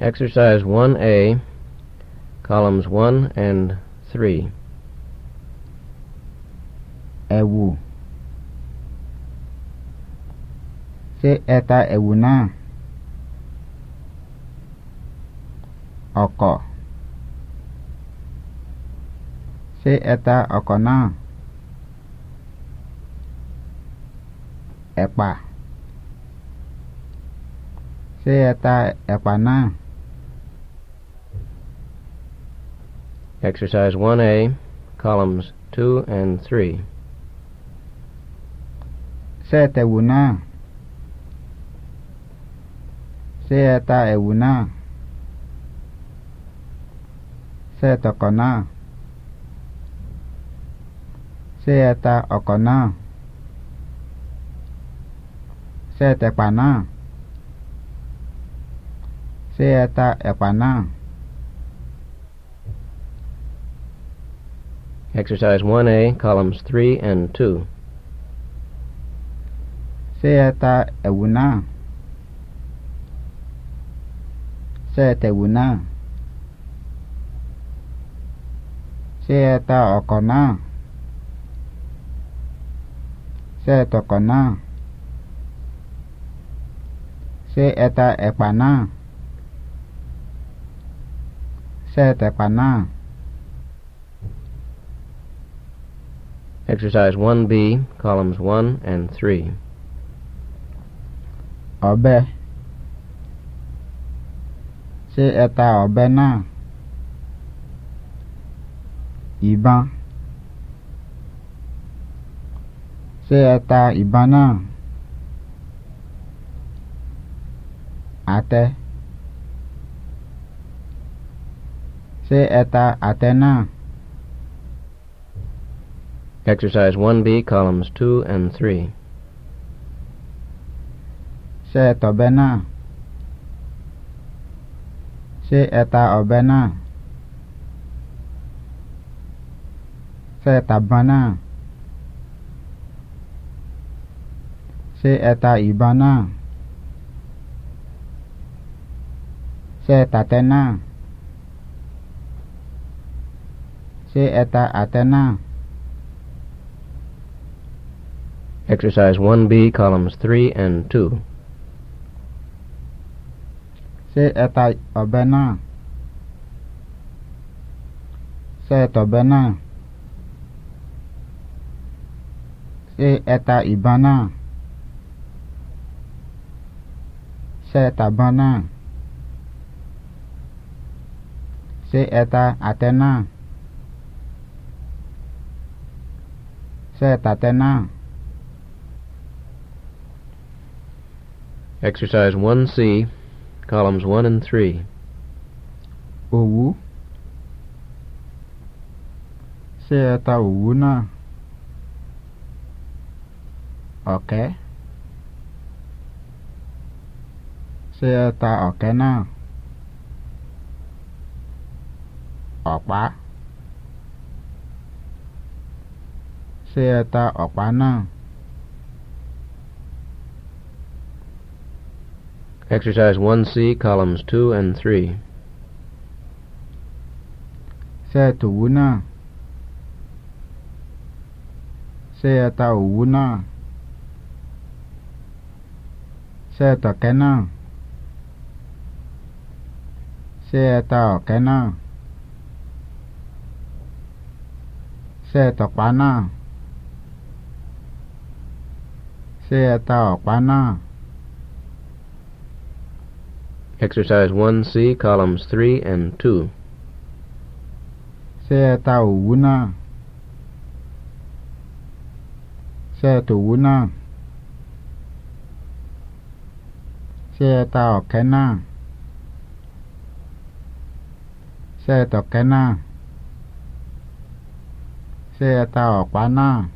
Exercise 1A, columns 1 and 3. Ẹ̀wù. Ṣé eta ta ẹ̀wù Ọkọ̀. Ṣé eta ọkọ̀ na. Ẹ̀pà. Ṣé eta ẹ̀pà na. Exercise 1A, columns 2 and 3. Seetewuna. Seetaewuna. Seetokona. pana. okona. Seetekpana. Seeta ekpana. Exercise 1A, columns 3 and 2. Seta Ewuna. Seta Ewuna. Seta Okona. Seta Okona. Seta Epana. Seta Epana. Exercise 1B, columns 1 and 3. Ọ̀bẹ. Ṣé eta ta ọ̀bẹ náà? Ìbọn. Ṣé eta ta ìbọn Àtẹ. Ṣé eta àtẹ Exercise 1B, columns 2 and 3. ṣé ẹ̀tọ̀bẹ náà? ṣé ẹ̀ta ọ̀bẹ ṣé ẹ̀tàbọn náà? ṣé ẹ̀ta ibana. ṣé ẹ̀tàtẹ ṣé ẹ̀ta àtẹ Exercise 1B, columns 3 and 2. ṣé ẹ obena. ṣé ẹ ṣé ẹ ta ṣé ẹ ṣé ẹ atena. ṣé ẹ Exercise 1C, columns 1 and 3. Òwú. Ṣé ẹ ta òwú náà? Ọ̀kẹ́. Ṣé ẹ ọ̀kẹ́ na. Ọ̀pá. Ṣé ẹ ọ̀pá Exercise 1C, columns 2 and 3. Ṣé ẹ tòwú náà? Ṣé ẹ ta òwú náà? Ṣé ẹ tọ̀kẹ́ náà? Ṣé ẹ ta Ṣé ẹ Ṣé ẹ ta Exercise 1C, columns 3 and 2. Ṣé ẹ ta òwú náà? Ṣé ẹ tòwú náà? Ṣé ẹ ta Ṣé ẹ tọ̀kẹ́ Ṣé